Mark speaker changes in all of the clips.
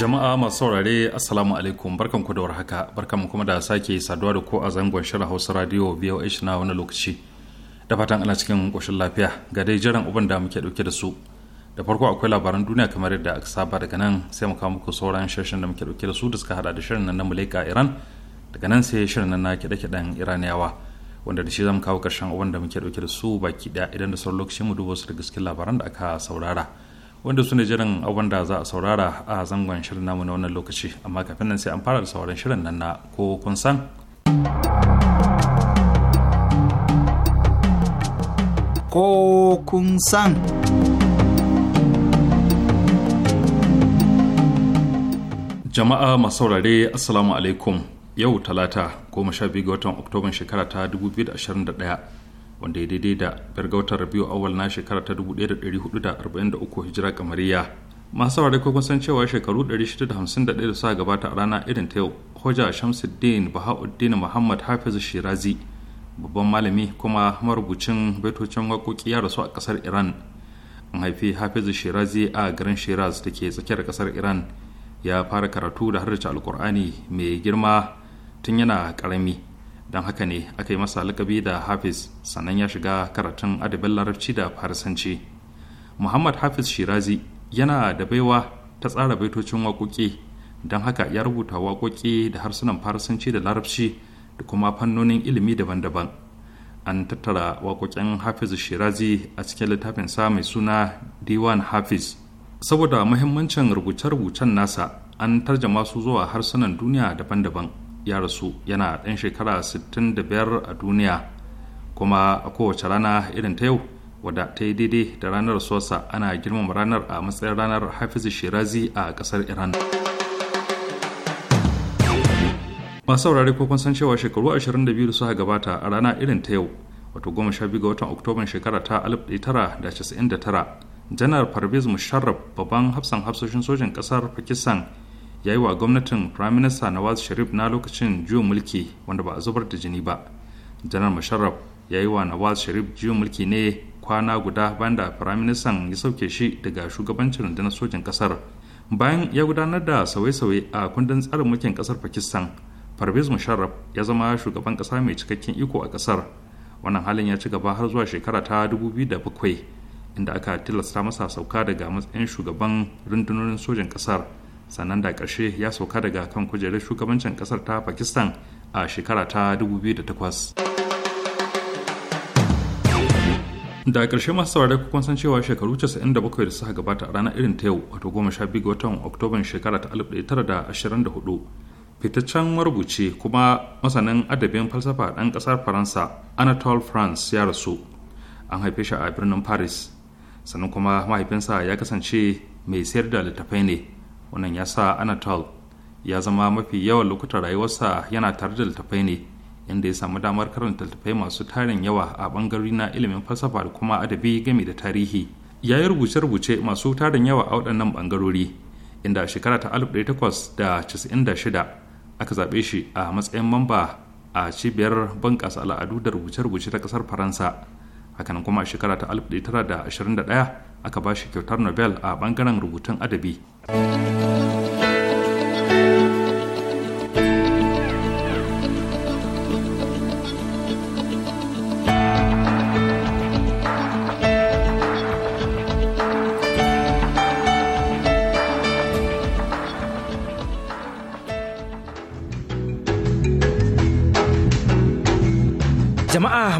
Speaker 1: jama'a masu saurare assalamu alaikum barkan ku da warhaka barkan kuma da sake saduwa da ko a zangon shirin hausa radio voh na wani lokaci da fatan ana cikin koshin lafiya ga dai jiran uban da muke dauke da su da farko akwai labaran duniya kamar yadda aka saba daga nan sai mu kawo muku sauran shirin da muke dauke da su da suka hada da shirin nan na muleka iran daga nan sai shirin nan na kiɗe-kiɗen iraniyawa wanda da shi zamu kawo ƙarshen uban da muke dauke da su baki ɗaya idan da sauran lokacin mu duba su da gaskin labaran da aka saurara wanda su ne jiran abin da za a saurara a zangon shirin namu na wannan lokaci amma kafin nan sai an fara da sauran shirin nan na ko kun san
Speaker 2: ko kun san
Speaker 1: jama'a masu saurare assalamu alaikum yau talata 12 ga watan oktoban shekara ta 2021 wanda ya daidai da birgautar rabiu awal na shekara ta 1443 hijira kamariya masu saurare ko san cewa shekaru 651 da suka gabata a rana irin ta yau hoja shamsuddin bahauddin muhammad hafiz shirazi babban malami kuma marubucin baitocin waƙoƙi ya rasu a ƙasar iran an haifi hafiz shirazi a garin shiraz da ke tsakiyar ƙasar iran ya fara karatu da harshe alkur'ani mai girma tun yana ƙarami don haka ne aka yi masa lakabi da hafiz sannan ya shiga karatun adabin larabci da farisanci muhammad hafiz shirazi yana da baiwa ta tsara baitocin waƙoƙi don haka ya rubuta waƙoƙi da harsunan farisanci da larabci da kuma fannonin ilimi daban-daban an tattara waƙoƙin hafiz shirazi a cikin littafin sa mai suna diwan hafiz saboda muhimmancin rubuce-rubucen nasa an tarjama su zuwa harsunan duniya daban-daban ya rasu yana ɗan shekara 65 a duniya kuma a kowace rana irin ta yau wadda ta yi daidai da ranar sosa ana girmama ranar a matsayin ranar hafiz shirazi a ƙasar iran masu saurari ko san cewa shekaru 22 da suka gabata a rana irin ta yau wato 12 ga watan oktoban shekara ta 1999 janar parviz musharraf babban hafsan hafsoshin sojin kasar pakistan ya yi wa gwamnatin prime minister nawaz sharif na lokacin juyin mulki wanda ba a zubar da jini ba janar musharraf ya yi wa nawaz sharif juyin mulki ne kwana guda bayan da prime minister ya sauke shi daga shugabancin rundunar sojin kasar bayan ya gudanar da sauye-sauye a kundin tsarin mulkin kasar pakistan parvez musharraf ya zama shugaban kasa mai cikakken iko a kasar wannan halin ya ci gaba har zuwa shekara ta 2007 inda aka tilasta masa sauka daga matsayin shugaban rundunonin sojin kasar sannan da ƙarshe ya sauka daga kan kujerar shugabancin ƙasar ta pakistan a shekara ta 2008 da ƙarshe masu saurari kun san cewa shekaru 97 da suka gabata a ranar irin ta yau wato 12 ga watan oktoban shekara ta 1924 fitaccen marubuci kuma masanin adabin falsafa ɗan ƙasar faransa anatole france ya rasu an haife shi a birnin paris sannan kuma mahaifinsa ya kasance mai sayar da littattafai ne wannan ya sa anatol ya zama mafi yawan lokutan rayuwarsa yana tare da littattafai ne inda ya samu damar karanta littattafai masu tarin yawa a bangarori na ilimin falsafa da kuma adabi game da tarihi ya yi rubuce-rubuce masu tarin yawa a waɗannan bangarori inda a shekara ta 1896 aka zaɓe shi a matsayin mamba a cibiyar bunƙasa al'adu da rubuce-rubuce ta ƙasar faransa hakanan kuma a shekara ta 1921 aka ba shi kyautar nobel a bangaren rubutun adabi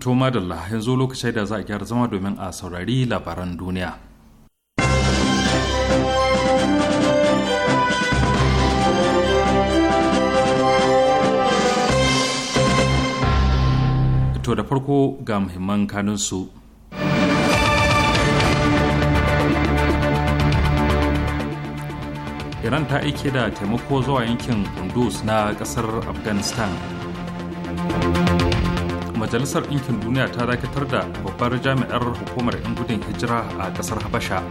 Speaker 1: To madalla yanzu lokacin da za a gyara zama domin a saurari labaran duniya. To da farko ga muhimman kanunsu. Iran ta aike da taimako zuwa yankin Kunduz na kasar Afghanistan. majalisar ɗinkin duniya ta dakatar da babbar jami'ar hukumar 'yan gudun hijira a ƙasar habasha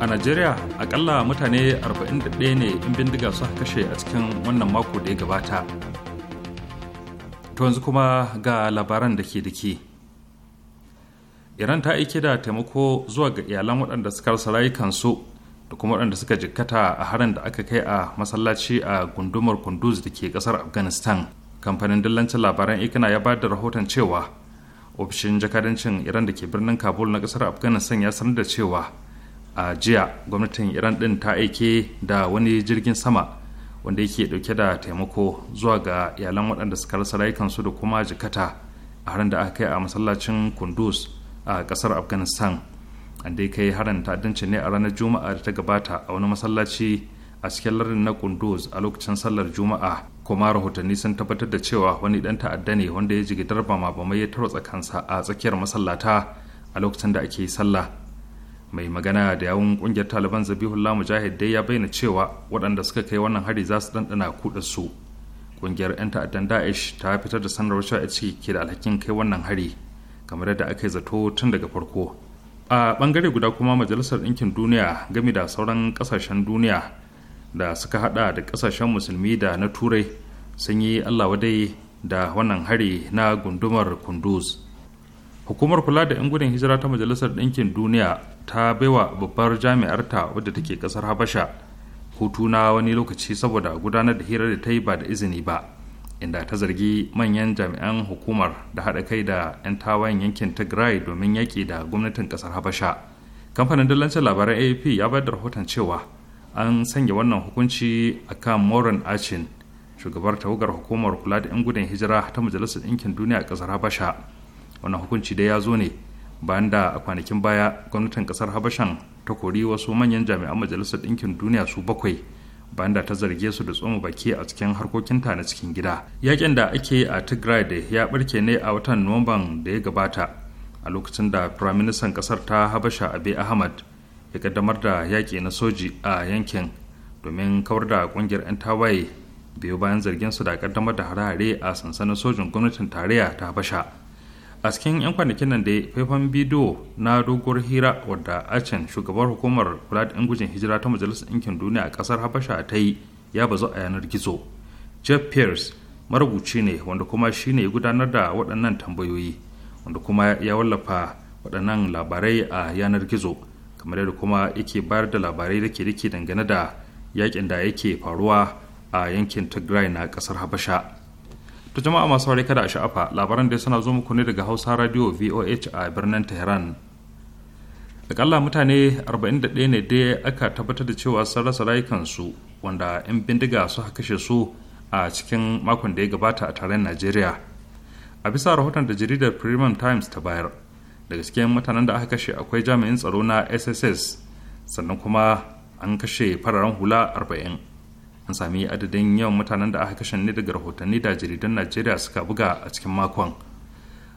Speaker 1: a najeriya akalla mutane 41 ne in bindiga suka kashe a cikin wannan mako da ya gabata to yanzu kuma ga labaran da ke da ke iran ta aike da taimako zuwa ga iyalan waɗanda suka rasa rayukansu da kuma waɗanda suka jikkata a harin da aka kai a masallaci a gundumar kunduz da ke ƙasar afghanistan kamfanin dillancin labaran ikina ya bayar da rahoton cewa ofishin jakadancin iran da ke birnin kabul na kasar afghanistan ya sanar da cewa a jiya gwamnatin iran din ta aike da wani jirgin sama wanda yake dauke da taimako zuwa ga iyalan waɗanda suka rasa rayukansu da kuma jikata a harin da aka kai a masallacin kunduz a kasar afghanistan an dai kai harin ta'addanci ne a ranar juma'a da ta gabata a wani masallaci a cikin lardin na kunduz a lokacin sallar juma'a kuma rahotanni sun tabbatar da cewa wani dan ta'adda ne wanda ya jigi darba mabamai ya tarwatsa kansa a tsakiyar masallata a lokacin da ake sallah mai magana da yawun kungiyar taliban zabihullah mujahid dai ya bayyana cewa waɗanda suka kai wannan hari za su ɗanɗana kuɗa su kungiyar 'yan ta'addan da'ish ta fitar da sanarwar cewa ce ke da alhakin kai wannan hari kamar yadda aka yi zato tun daga farko a bangare guda kuma majalisar ɗinkin duniya game da sauran ƙasashen duniya da suka hada da kasashen musulmi da na turai sun yi allah wadai da wannan hari na gundumar kunduz hukumar kula da 'yan gudun hijira ta majalisar ɗinkin duniya ta baiwa babbar jami'arta wadda take ƙasar habasha hutu na wani lokaci saboda gudanar da hirar da ta yi ba da izini ba inda ta zargi manyan jami'an hukumar da haɗa kai da 'yan tawayen yankin tigray domin yaƙi da gwamnatin ƙasar habasha kamfanin dillancin labaran aap ya bayar da rahoton cewa an sanya wannan hukunci a kan moran acin shugabar tawagar hukumar kula da 'yan gudun hijira ta majalisar ɗinkin duniya a ƙasar habasha wannan hukunci da ya zo ne bayan da a kwanakin baya gwamnatin ƙasar habashan ta kori wasu manyan jami'an majalisar ɗinkin duniya su bakwai bayan da ta zarge su da tsoma baki a cikin harkokin ta na cikin gida yakin da ake yi a tigray da ya barke ne a watan nuwamban da ya gabata a lokacin da firaministan ƙasar ta habasha abe ahmad ya kaddamar da yaƙi na soji a yankin domin kawar da ƙungiyar 'yan tawaye biyu bayan zargin su da kaddamar da hare a sansanin sojin gwamnatin tarayya ta habasha a cikin 'yan kwanakin nan da faifan bidiyo na doguwar hira wadda acen shugabar hukumar kula da 'yan gujin hijira ta majalisar ɗinkin duniya a ƙasar habasha ta yi ya bazu a yanar gizo jeff pierce marubuci ne wanda kuma shi ne gudanar da waɗannan tambayoyi wanda kuma ya wallafa waɗannan labarai a yanar gizo kamar yadda kuma yake bayar da labarai da ke rike dangane da yakin da yake faruwa a yankin tigray na kasar habasha ta jama'a masu ware kada a sha'afa labaran da suna zo muku ne daga hausa radio voh a birnin tehran akalla mutane 41 ne dai aka tabbatar da cewa sun rasa rayukansu wanda 'yan bindiga suka kashe su a cikin makon da ya gabata a taron najeriya a bisa rahoton da jaridar premium times ta bayar da gaske mutanen da aka kashe akwai jami'in tsaro na sss sannan kuma an kashe fararen hula 40 an sami adadin yawan mutanen da aka kashe ne daga rahotanni da jaridan najeriya suka buga a cikin makon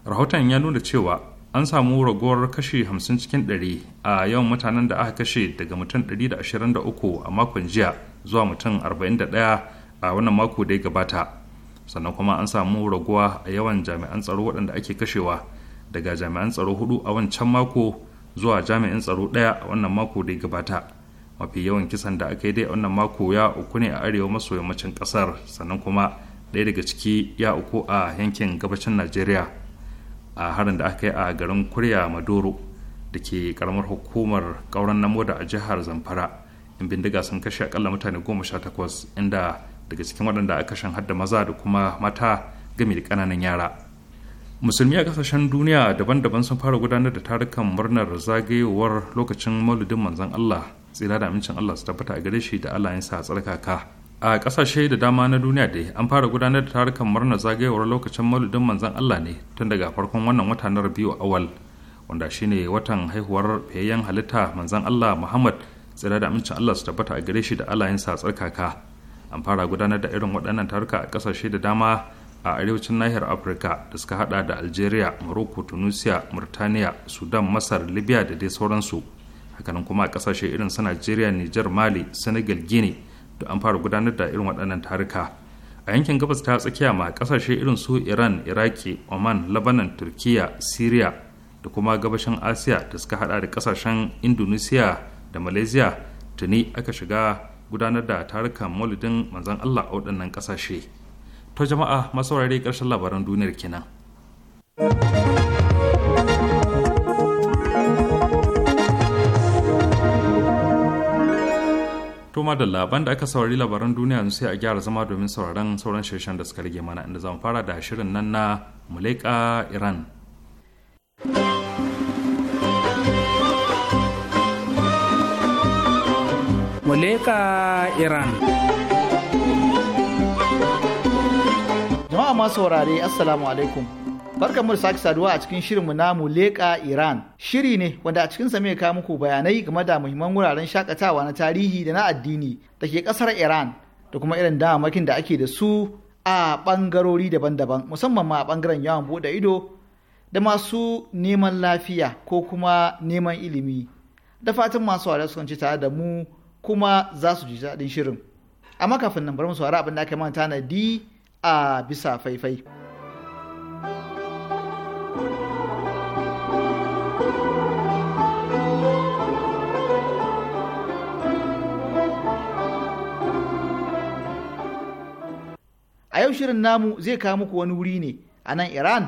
Speaker 1: rahoton ya nuna cewa an samu raguwar kashe 50 cikin 100 a yawan mutanen da aka kashe daga mutum 123 a makon jiya zuwa mutum 41 a wannan mako da ya gabata sannan kuma an samu raguwa a yawan jami'an tsaro waɗanda ake kashewa daga jami'an tsaro hudu a wancan mako zuwa jami'in tsaro daya a wannan mako da gabata mafi yawan kisan da aka yi dai a wannan mako ya uku ne a arewa maso yammacin kasar sannan kuma ɗaya daga ciki ya uku a yankin gabashin najeriya a harin da aka yi a garin kurya madoro da ke karamar hukumar kauran namo da a jihar zamfara in bindiga sun kashe akalla mutane goma sha takwas inda daga cikin waɗanda aka shan hadda maza da kuma mata gami da ƙananan yara musulmi a kasashen duniya daban-daban sun fara gudanar da tarukan murnar zagayowar lokacin mauludin manzon Allah tsira da amincin Allah su tabbata a gare shi da Allah ya sa tsarkaka a kasashe da dama na duniya dai an fara gudanar da tarukan murnar zagayowar lokacin mauludin manzon Allah ne tun daga farkon wannan wata na Rabiu awal wanda shine watan haihuwar fiyayyen halitta manzon Allah Muhammad tsira da amincin Allah su tabbata a gare shi da Allah ya sa tsarkaka an fara gudanar da irin waɗannan taruka a kasashe da dama a arewacin nahiyar afirka da suka hada da algeria morocco tunisia murtaniya sudan masar libya da dai sauransu hakanan kuma a kasashe irin su nigeria niger mali senegal guinea da an fara gudanar da irin waɗannan tarika a yankin gabas ta tsakiya ma kasashe irin su iran iraki oman lebanon turkiya syria da kuma gabashin asiya da suka hada da kasashen indonesia da malaysia tuni aka shiga gudanar da tarukan maulidin manzan allah a waɗannan kasashe to jama'a masaurari saurare karshen labaran duniyar kenan to madalla da aka saurari labaran duniya yanzu sai a gyara zama domin sauraron sauran shirshen da suka rage mana inda zamu fara da shirin nan na muleka iran muleka iran
Speaker 2: masu saurare assalamu alaikum mu da sake saduwa a cikin mu na leƙa iran shiri ne wanda a cikinsa mai kawo muku bayanai game da muhimman wuraren shakatawa na tarihi da na addini da ke kasar iran da kuma irin damamakin da ake da su a bangarori daban-daban musamman ma a bangaren yawon bude ido da masu neman lafiya ko kuma neman ilimi da fatan masu wada su ci tare da mu kuma za su ji daɗin shirin amma kafin nan bari mu saurari abin da aka manta na di a bisa faifai. A yau shirin namu zai kawo muku wani wuri ne a nan Iran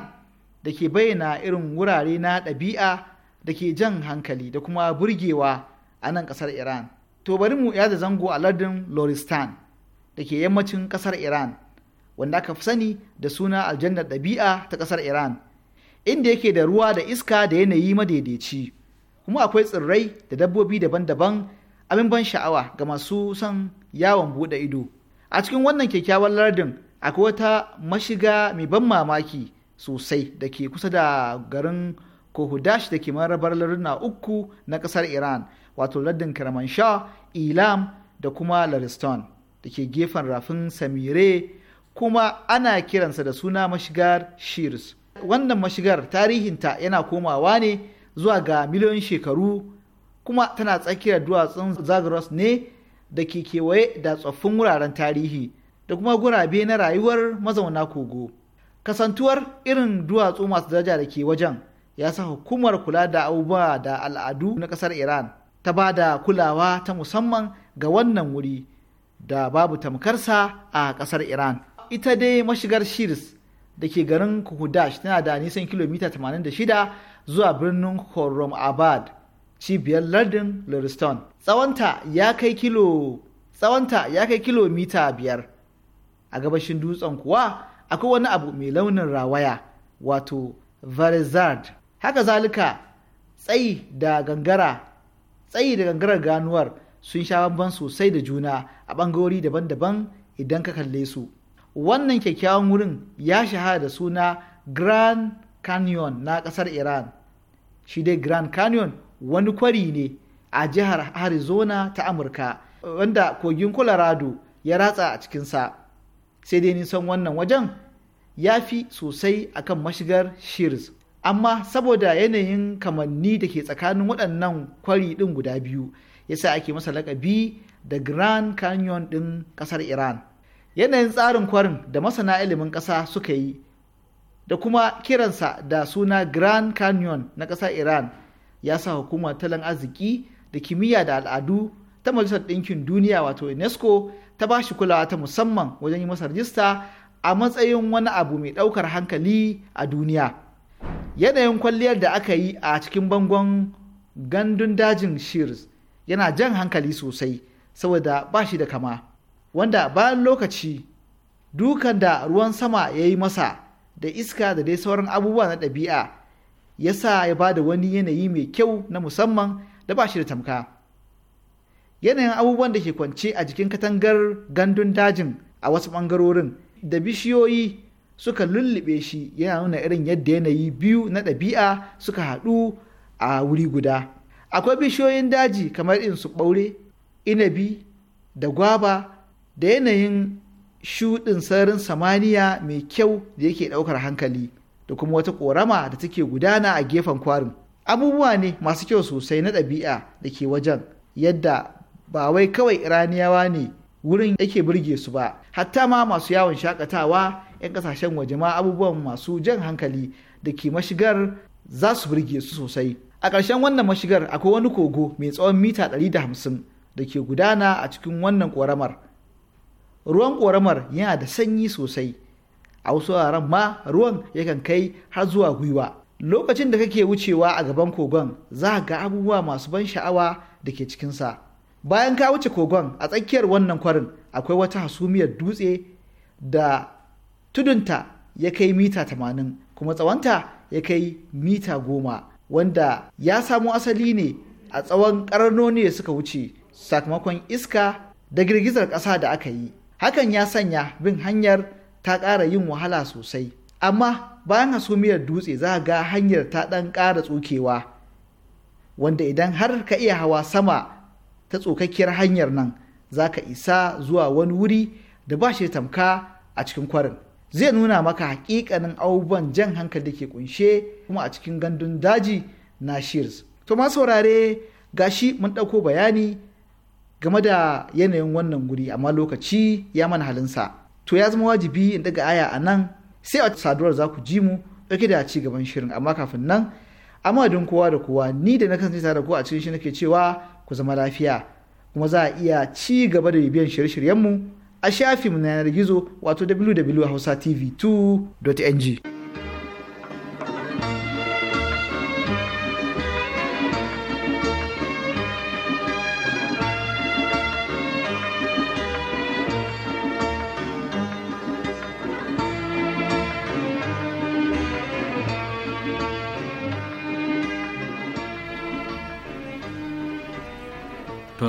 Speaker 2: da ke bayyana irin wurare na ɗabi'a da ke jan hankali da kuma burgewa a nan ƙasar Iran. To bari mu yada zango a lardin Loristan da ke yammacin ƙasar Iran. wanda aka fi sani da suna aljannar ɗabi'a ta ƙasar iran inda yake da ruwa da iska da yanayi madaidaici kuma akwai tsirrai da dabbobi daban-daban abin ban sha'awa ga masu son yawon buɗe ido a cikin wannan kyakkyawan lardin akwai wata mashiga mai ban mamaki sosai da ke kusa da garin kohudash da ke marabar larduna uku na ƙasar iran wato lardin kermanshah ilam da kuma lariston da ke gefen rafin samire kuma ana kiransa da suna mashigar Shirs. Wannan mashigar tarihinta yana komawa ne zuwa ga miliyoyin shekaru kuma tana tsakiyar duwatsun Zagros ne da ke kewaye da tsoffin wuraren tarihi da kuma gurabe na rayuwar mazauna kogo. Kasantuwar irin duwatsu masu daraja da ke wajen ya sa hukumar kula da abubuwa da al'adu na ƙasar Iran ta ba da kulawa ta musamman ga wannan wuri da babu tamkarsa a ƙasar Iran. ita dai mashigar shirs da ke garin kuhudash tana da nisan kilomita 86 zuwa birnin horom abad cibiyar lardin lurston tsawonta ya kai kilo tsawonta kilomita biyar a gabashin dutsen kuwa akwai wani abu mai launin rawaya wato varizard haka zalika tsayi da gangara tsayi da gangarar ganuwar sun sha bamban sosai da juna a ɓangarori daban-daban idan ka kalle su wannan kyakkyawan wurin ya shahara da suna grand canyon na ƙasar iran shi dai grand canyon wani kwari ne a jihar arizona ta amurka wanda kogin colorado ya ratsa a cikinsa sai dai nisan wannan wajen ya fi sosai akan mashigar shears amma saboda yanayin kamanni da ke tsakanin waɗannan kwari ɗin guda biyu ya yasa ake masa lakabi da grand canyon ɗin ƙasar iran yanayin tsarin kwarin da masana ilimin ƙasa suka yi da kuma kiransa da suna grand canyon na ƙasar iran ya sa hukumar talan arziki da kimiyya da al'adu ta majalisar ɗinkin duniya wato unesco ta ba shi kulawa ta musamman wajen yi masa rajista a matsayin wani abu mai ɗaukar hankali a duniya yanayin kwalliyar da aka yi a cikin bangon gandun dajin shears yana jan hankali sosai saboda ba shi da kama wanda bayan lokaci dukan da ruwan sama ya yi masa da iska da dai sauran abubuwa na ɗabi'a ya sa ya ba da wani yanayi mai kyau na musamman da ba shi da tamka yanayin abubuwan da ke kwance a jikin katangar gandun dajin a wasu ɓangarorin da bishiyoyi suka lullube shi yana nuna irin yadda yanayi biyu na ɗabi'a suka haɗu a wuri guda akwai bishiyoyin daji kamar in su ɓaure inabi da gwaba da yanayin shuɗin sararin samaniya mai kyau da yake ɗaukar hankali da kuma wata ƙorama da take gudana a gefen kwarin abubuwa ne masu kyau sosai na ɗabi'a da ke wajen yadda ba wai kawai iraniyawa ne wurin yake burge su ba hatta ma masu yawon shakatawa 'yan kasashen waje ma abubuwan masu jan hankali da ke mashigar za su burge su sosai a ƙarshen wannan mashigar akwai wani kogo mai tsawon mita 150 da ke gudana a cikin wannan ƙoramar ruwan ƙoramar yana da sanyi sosai a wasu wuraren ma ruwan yakan kai har zuwa gwiwa lokacin da kake wucewa a gaban kogon za ga abubuwa masu ban sha'awa da ke cikinsa bayan ka wuce kogon a tsakiyar wannan kwarin akwai wata hasumiyar dutse da tudunta ya kai mita tamanin kuma tsawonta ya kai mita goma wanda ya samo asali ne a tsawon ƙarnoni da suka wuce sakamakon iska da girgizar ƙasa da aka yi hakan ya sanya bin hanyar ta ƙara yin wahala sosai amma bayan hasumiyar dutse za ga hanyar ta ɗan ƙara tsokewa wanda idan har ka iya hawa sama ta tsokakkiyar hanyar nan za ka isa zuwa wani wuri da ba shi tamka a cikin kwarin zai nuna maka hakikanin abubuwan jan hankali da ke kunshe kuma a cikin gandun daji na shears to ma saurare gashi mun ɗauko bayani game da yanayin wannan guri amma lokaci ya mana halinsa to ya zama wajibi in daga aya a nan sai a saduwar za ku ji mu dauke da ci gaban shirin amma kafin nan amma don kowa da kowa ni da na kasance tare da ku a cikin shi nake cewa ku zama lafiya kuma za a iya ci gaba da bibiyan shirye shiryen mu a shafinmu na yanar gizo wato www.hausatv2.ng.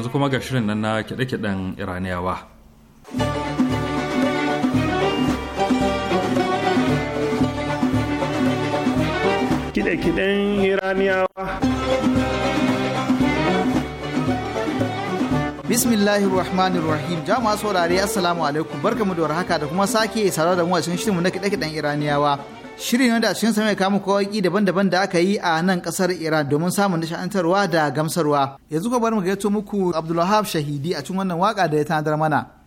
Speaker 1: yanzu kuma ga shirin nan na kiɗe-kiɗen iraniyawa kiɗe-kiɗen iraniyawa
Speaker 2: bismillahir rahmanir rahim jama'a saurare assalamu alaikum barkamu da warhaka da kuma sake saurara da mu a cikin shirinmu na kiɗe-kiɗen iraniyawa Shirin wanda cikin sa mai kamu kawaki daban-daban da aka yi a nan kasar Iran domin samun nishantarwa da gamsarwa. Yanzu ka bar mu gaito muku Abdulwahab Shahidi a cikin wannan waka da ya tanadar mana.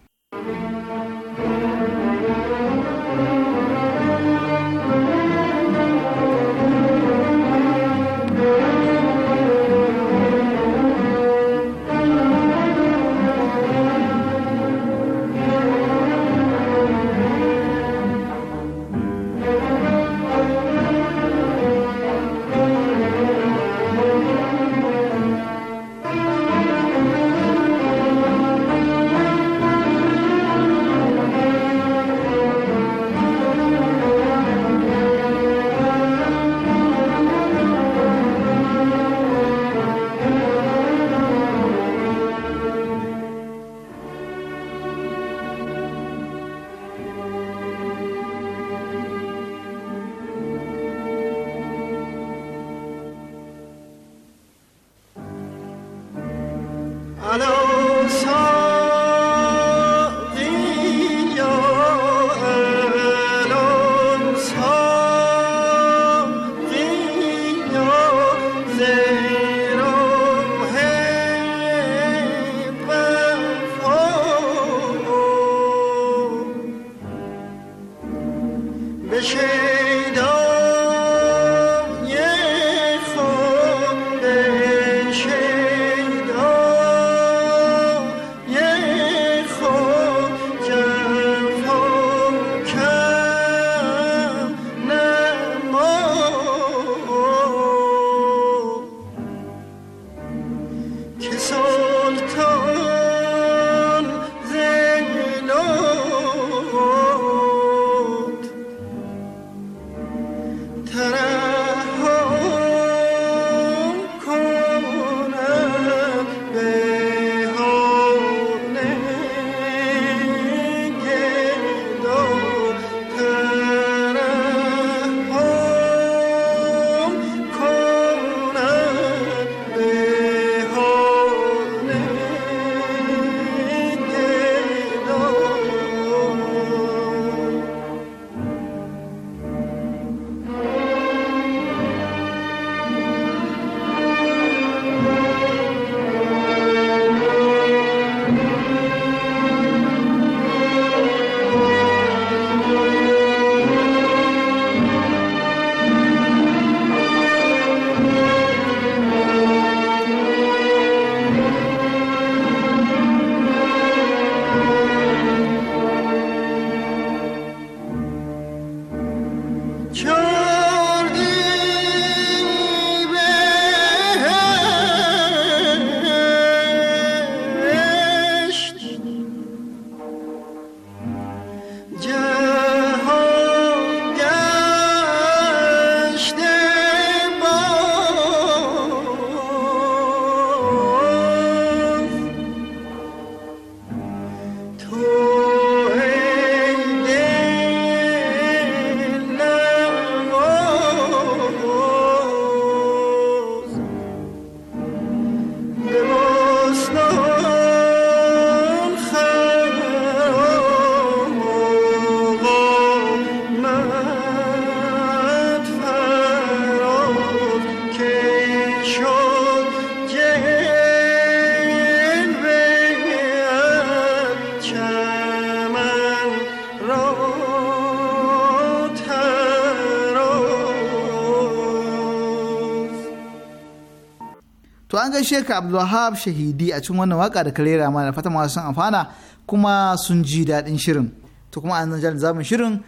Speaker 2: ga gaishe ka abdulwahab shahidi a cikin wannan waka da karera ma da fatan masu sun amfana kuma sun ji daɗin shirin to kuma an zan zamun shirin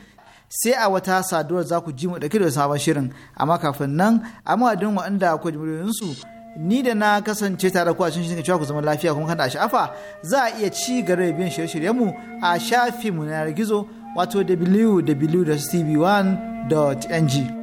Speaker 2: sai a wata saduwar za ku ji mu ɗauke da sabon shirin amma kafin nan a madadin waɗanda ku ji su ni da na kasance tare ku a cikin shirin cewa ku zama lafiya kuma kada a sha'afa za a iya ci gaba biyan shirye-shiryenmu a shafinmu na gizo wato www.tv1.ng.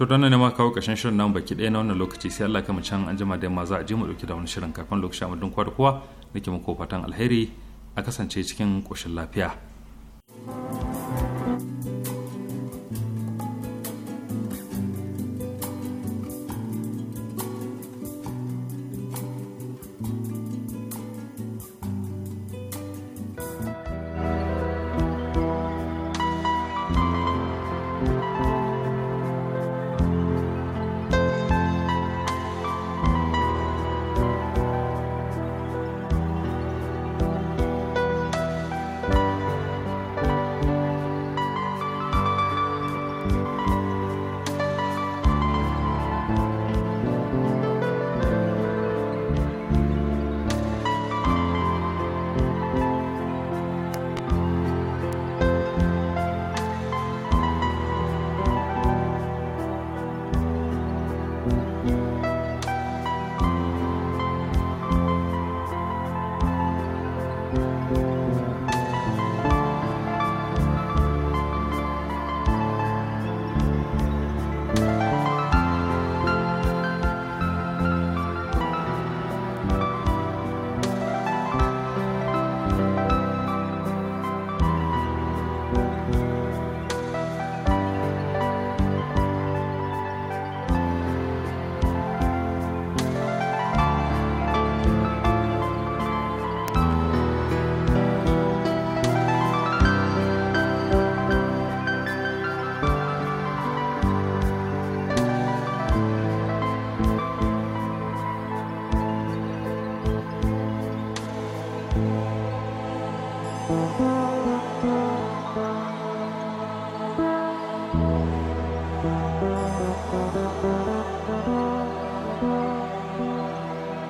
Speaker 1: to don ne ma kawo kashin shirin nan baki ɗaya na wannan lokaci sai Allah kama can an jima da yamma za a ji mu ɗauki da wani shirin kafin lokaci a madun kwa da kowa nake muku fatan alheri a kasance cikin koshin lafiya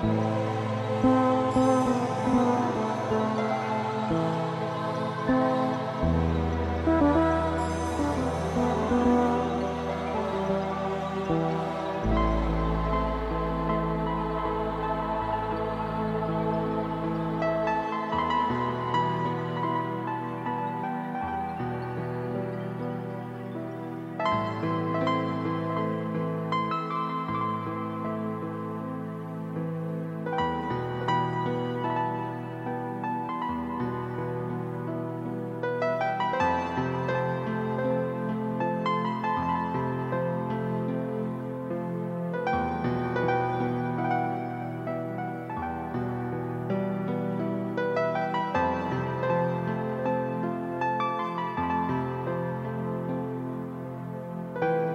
Speaker 3: Bye.